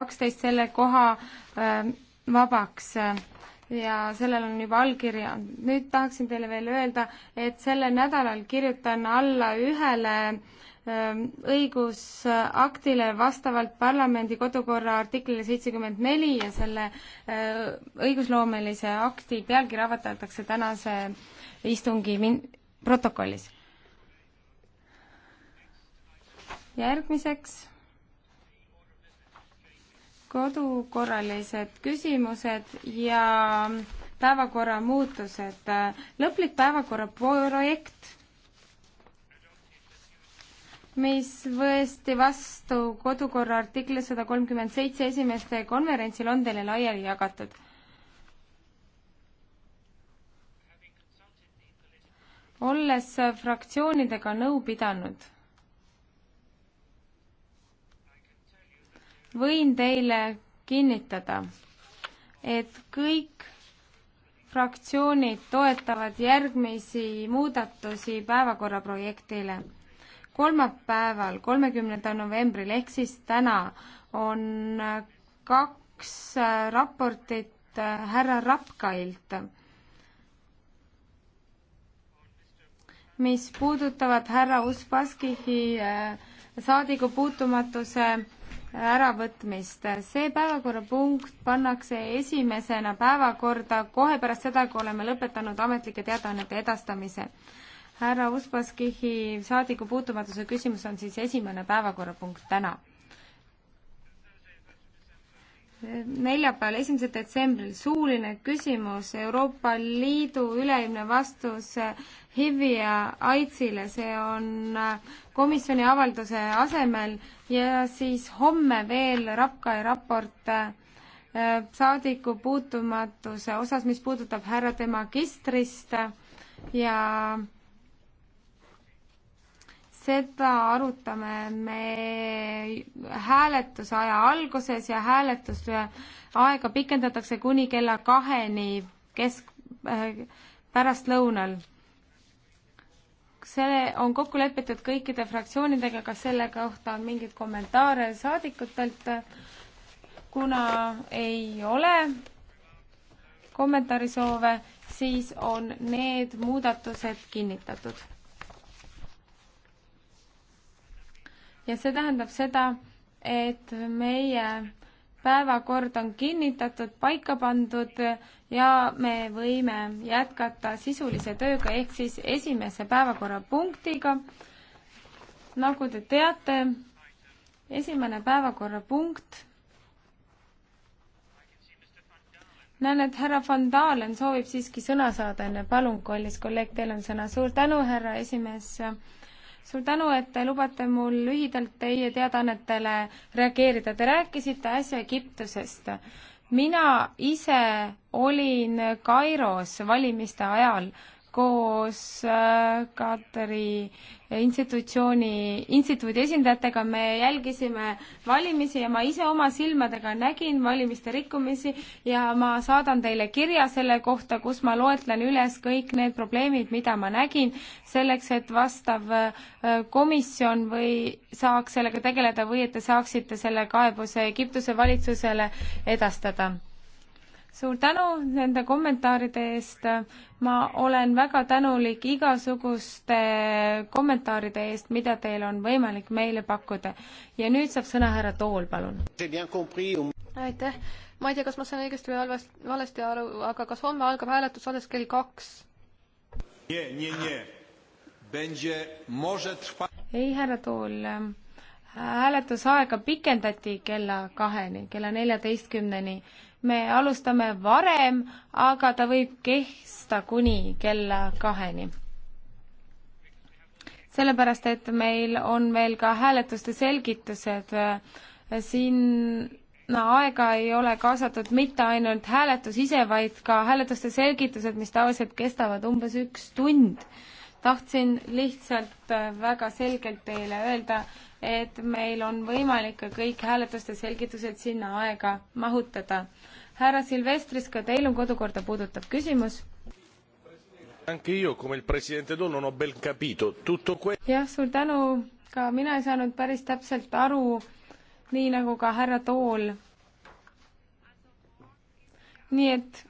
kaksteist selle koha ähm, vabaks ja sellel on juba allkiri andnud. nüüd tahaksin teile veel öelda, et sellel nädalal kirjutan alla ühele ähm, õigusaktile vastavalt parlamendi kodukorra artiklile seitsekümmend neli ja selle äh, õigusloomelise akti pealkiri avaldatakse tänase istungi protokollis. järgmiseks kodukorralised küsimused ja päevakorra muutused. lõplik päevakorra projekt, mis võesti vastu kodukorra artikli sada kolmkümmend seitse esimeste konverentsil, on teile laiali jagatud. olles fraktsioonidega nõu pidanud võin teile kinnitada, et kõik fraktsioonid toetavad järgmisi muudatusi päevakorra projektile. kolmapäeval, kolmekümnendal novembril ehk siis täna on kaks raportit härra Rapkailt, mis puudutavad härra Uspaskihi äh, saadikupuutumatuse äravõtmist. see päevakorrapunkt pannakse esimesena päevakorda kohe pärast seda, kui oleme lõpetanud ametlike teadaannete edastamise. härra Uspaskihi saadikupuutumatuse küsimus on siis esimene päevakorrapunkt täna. neljapäeval, esimesel detsembril suuline küsimus Euroopa Liidu üleilmne vastus HIV-i ja AIDSile, see on äh, komisjoni avalduse asemel ja siis homme veel RAPKAI raport äh, saadiku puutumatuse osas, mis puudutab härra Demagistrist ja seda arutame me hääletuse aja alguses ja hääletust aega pikendatakse kuni kella kaheni kesk äh,, pärastlõunal see on kokku lepitud kõikide fraktsioonidega, kas selle kohta on mingeid kommentaare saadikutelt? kuna ei ole kommentaarisoove, siis on need muudatused kinnitatud. ja see tähendab seda, et meie päevakord on kinnitatud, paika pandud ja me võime jätkata sisulise tööga ehk siis esimese päevakorrapunktiga. nagu te teate, esimene päevakorrapunkt. näen, et härra Van Dalen soovib siiski sõna saada enne, palun, kallis kolleeg, teil on sõna. suur tänu, härra esimees suur tänu, et te lubate mul lühidalt teie teadaannetele reageerida. Te rääkisite äsja Egiptusest. mina ise olin Kairos valimiste ajal koos äh, Katari institutsiooni, instituudi esindajatega me jälgisime valimisi ja ma ise oma silmadega nägin valimiste rikkumisi ja ma saadan teile kirja selle kohta, kus ma loetlen üles kõik need probleemid, mida ma nägin, selleks et vastav äh, komisjon või saaks sellega tegeleda või et te saaksite selle kaebuse Egiptuse valitsusele edastada suur tänu nende kommentaaride eest. ma olen väga tänulik igasuguste kommentaaride eest, mida teil on võimalik meile pakkuda. ja nüüd saab sõna härra Tool, palun. aitäh. ma ei tea, kas ma sain õigesti või halvasti, valesti aru, aga kas homme algab hääletus alles kell kaks? ei, härra Tool hääletusaega pikendati kella kaheni, kella neljateistkümneni me alustame varem, aga ta võib kesta kuni kella kaheni. sellepärast, et meil on veel ka hääletuste selgitused, siin no aega ei ole kaasatud mitte ainult hääletus ise, vaid ka hääletuste selgitused, mis tavaliselt kestavad umbes üks tund tahtsin lihtsalt äh, väga selgelt teile öelda, et meil on võimalik ka kõik hääletuste selgitused sinna aega mahutada. härra Silvestris, ka teil on kodukorda puudutav küsimus? jah, suur tänu, ka mina ei saanud päris täpselt aru, nii nagu ka härra Tool. nii et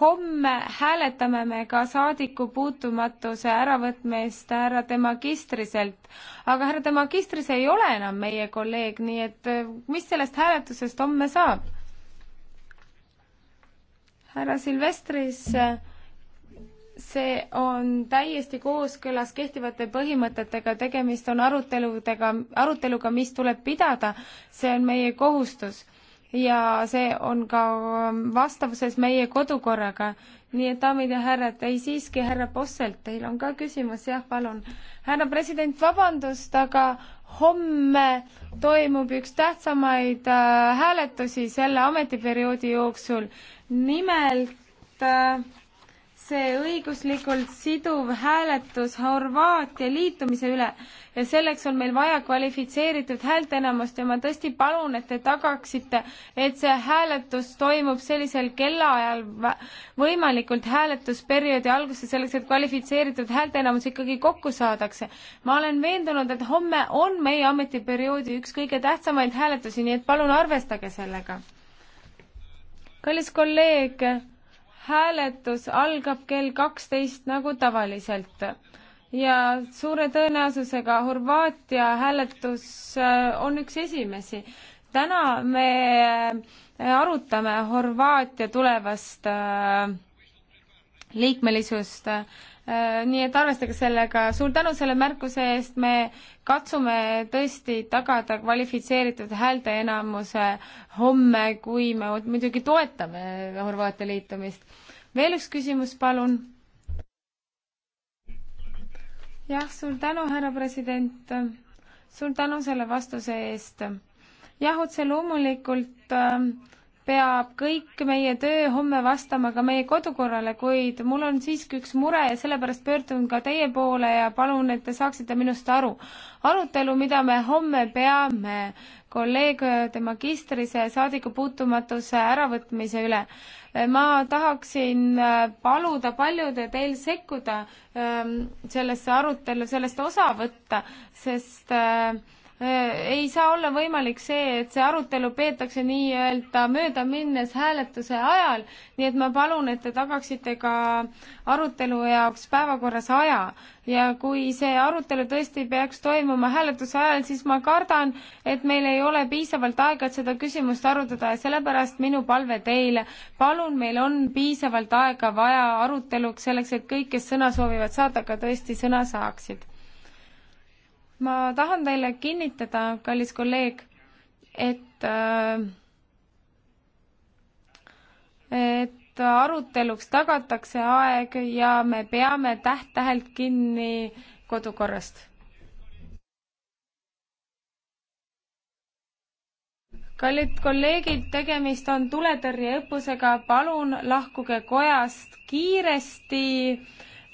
homme hääletame me ka saadikupuutumatuse äravõtmist härra Demagistriselt, aga härra Demagistris ei ole enam meie kolleeg, nii et äh, mis sellest hääletusest homme saab? härra Silvestris, äh, see on täiesti kooskõlas kehtivate põhimõtetega, tegemist on aruteludega, aruteluga, mis tuleb pidada, see on meie kohustus ja see on ka ähm, vastavuses meie kodukorraga. nii et daamid ja härrad, ei siiski, härra Posselt, teil on ka küsimus, jah, palun. härra president, vabandust, aga homme toimub üks tähtsamaid äh, hääletusi selle ametiperioodi jooksul. nimelt äh, see õiguslikult siduv hääletus Horvaatia liitumise üle ja selleks on meil vaja kvalifitseeritud häälteenamust ja ma tõesti palun, et te tagaksite, et see hääletus toimub sellisel kellaajal võimalikult hääletusperioodi alguses, selleks et kvalifitseeritud häälteenamus ikkagi kokku saadakse. ma olen veendunud, et homme on meie ametiperioodi üks kõige tähtsamaid hääletusi, nii et palun arvestage sellega. kallis kolleeg hääletus algab kell kaksteist nagu tavaliselt ja suure tõenäosusega Horvaatia hääletus äh, on üks esimesi. täna me äh, arutame Horvaatia tulevast äh, liikmelisust Äh, nii et arvestage sellega, suur tänu selle märkuse eest, me katsume tõesti tagada kvalifitseeritud häälteenamuse homme, kui me muidugi toetame Horvaatia liitumist. veel üks küsimus, palun. jah, suur tänu, härra president. suur tänu selle vastuse eest. jah, otse loomulikult äh, peab kõik meie töö homme vastama ka meie kodukorrale, kuid mul on siiski üks mure ja sellepärast pöördun ka teie poole ja palun, et te saaksite minust aru. arutelu, mida me homme peame kolleeg de magistrise saadikupuutumatuse äravõtmise üle, ma tahaksin äh, paluda paljude teil sekkuda ähm, sellesse arutellu, sellest osa võtta, sest äh, Äh, ei saa olla võimalik see, et see arutelu peetakse nii-öelda möödaminnes hääletuse ajal, nii et ma palun, et te tagaksite ka arutelu jaoks päevakorras aja. ja kui see arutelu tõesti peaks toimuma hääletuse ajal, siis ma kardan, et meil ei ole piisavalt aega, et seda küsimust arutada ja sellepärast minu palve teile, palun, meil on piisavalt aega vaja aruteluks selleks, et kõik, kes sõna soovivad saada, ka tõesti sõna saaksid ma tahan teile kinnitada, kallis kolleeg, et äh, et aruteluks tagatakse aeg ja me peame täht-tähelt kinni kodukorrast. kallid kolleegid, tegemist on tuletõrjeõppusega, palun lahkuge kojast kiiresti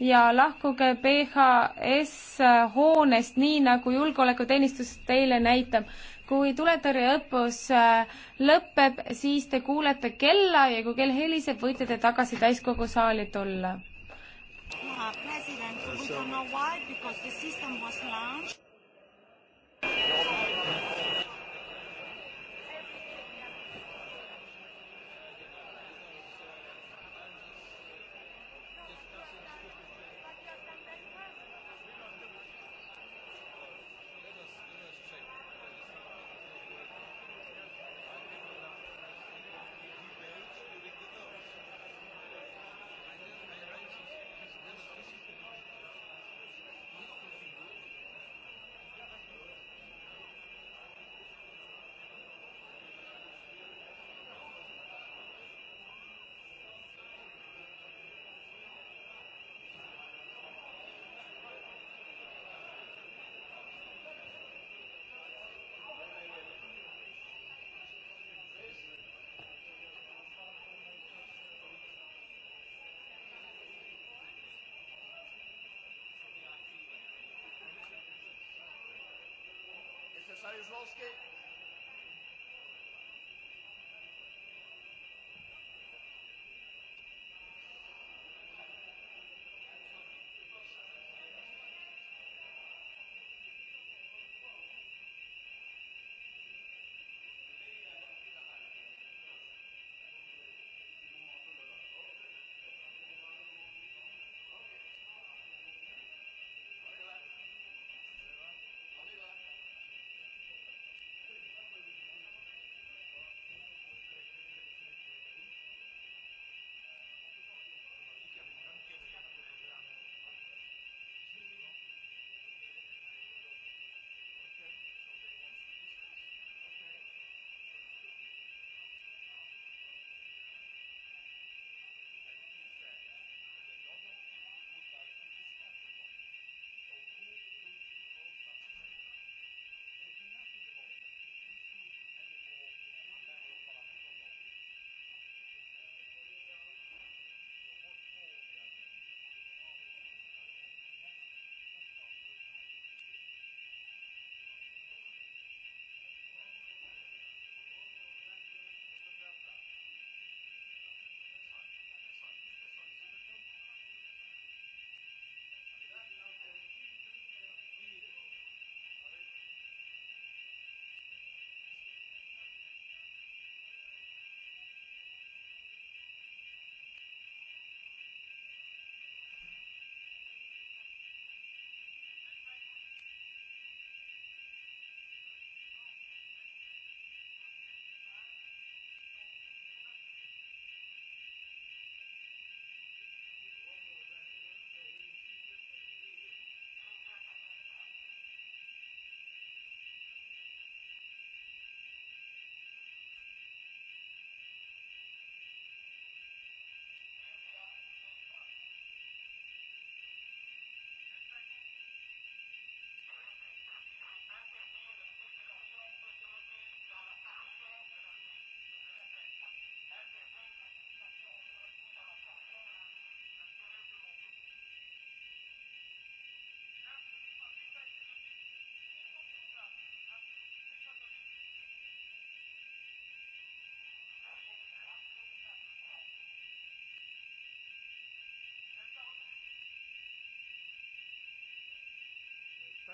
ja lahkuge PHS hoonest nii, nagu julgeolekuteenistus teile näitab. kui tuletõrjeõppus äh, lõpeb, siis te kuulete kella ja kui kell heliseb, võite te tagasi täiskogu saali tulla. Uh, president, we don't know why, because the system was launched. Mr. Saryusz-Wolski.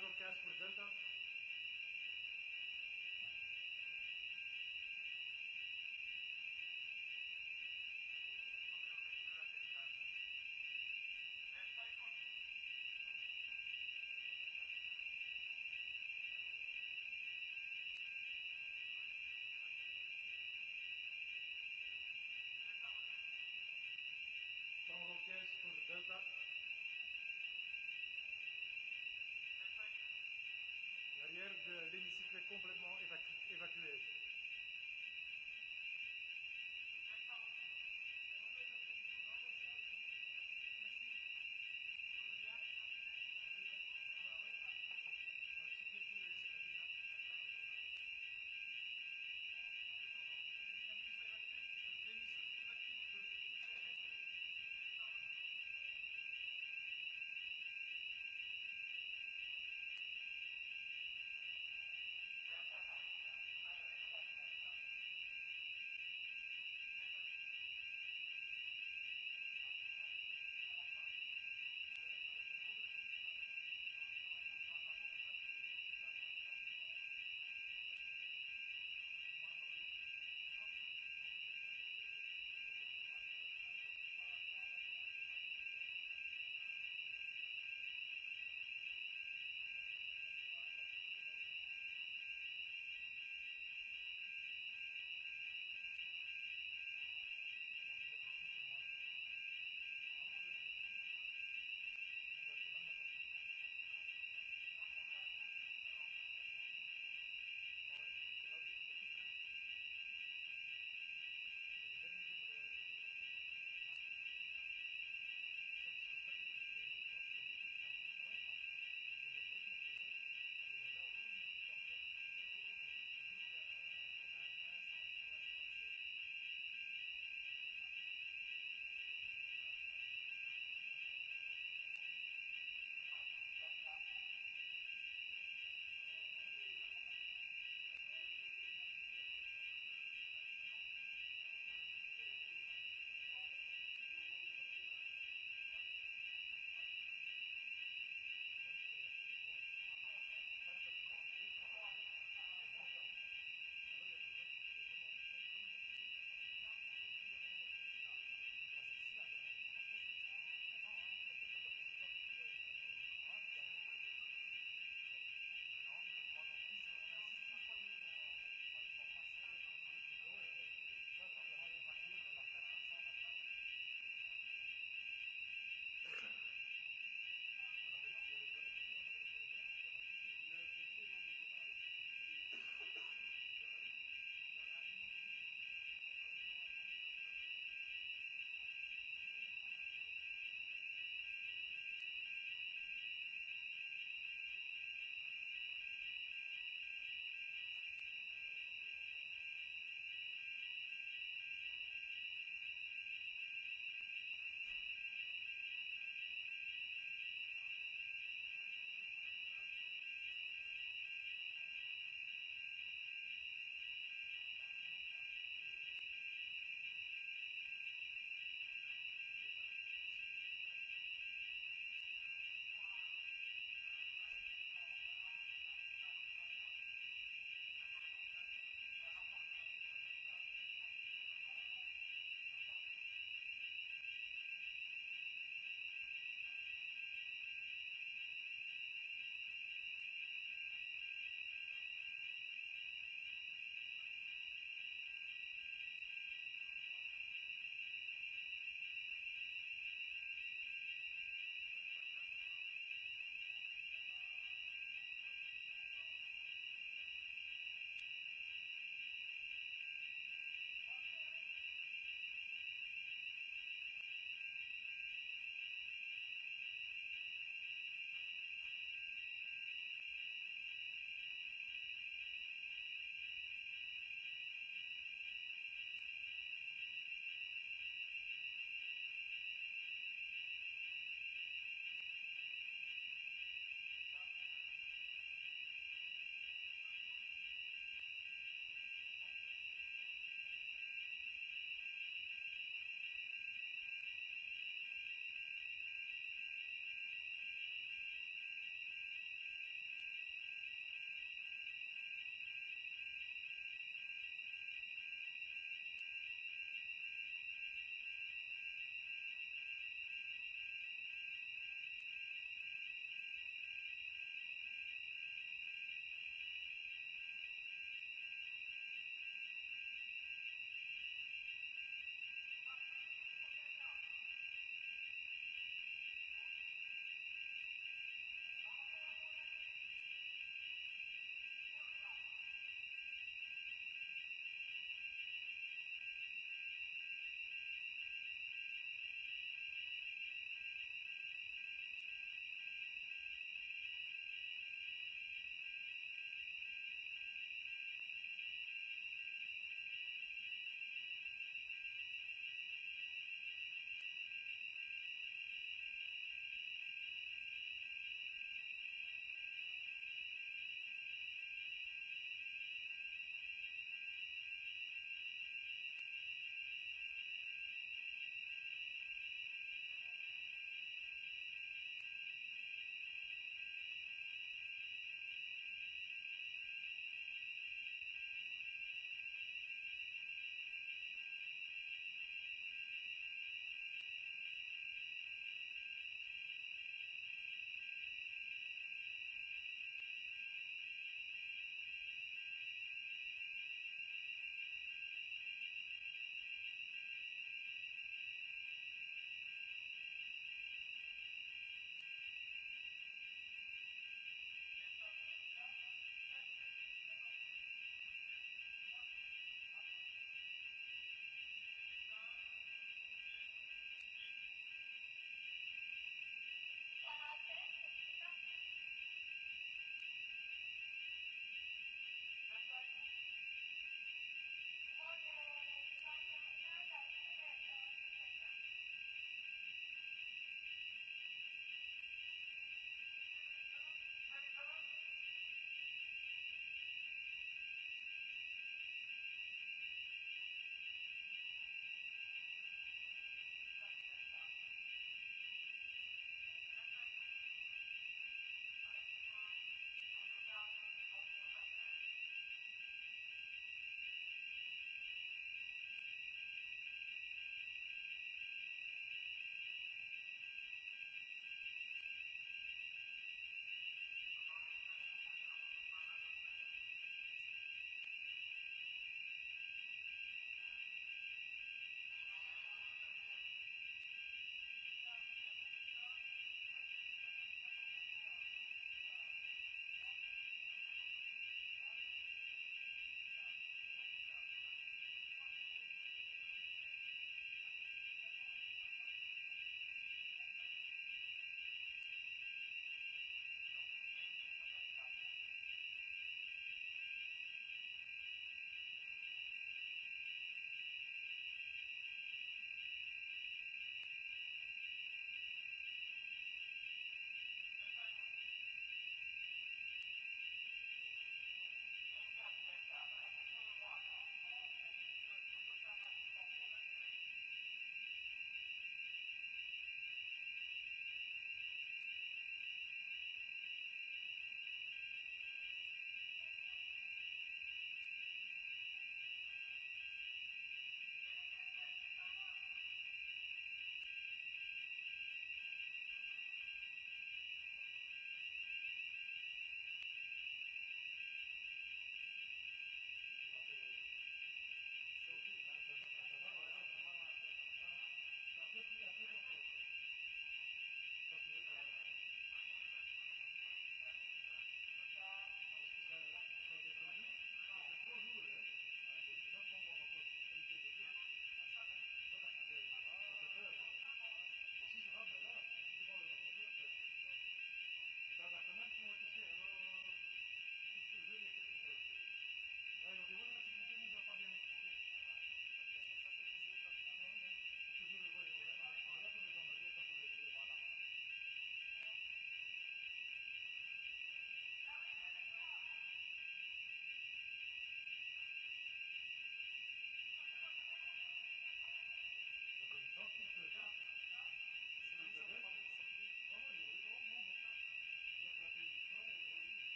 Andrew Cash por Delta. complètement évacué.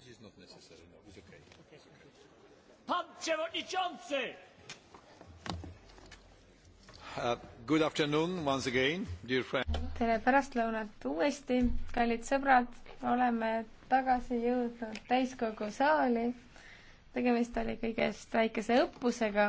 message is not necessary. No, it's okay. okay. Pan Przewodniczący! Uh, good afternoon once again, dear friend. tere pärastlõunat uuesti, kallid sõbrad, oleme tagasi jõudnud täiskogu saali. tegemist oli kõigest väikese õppusega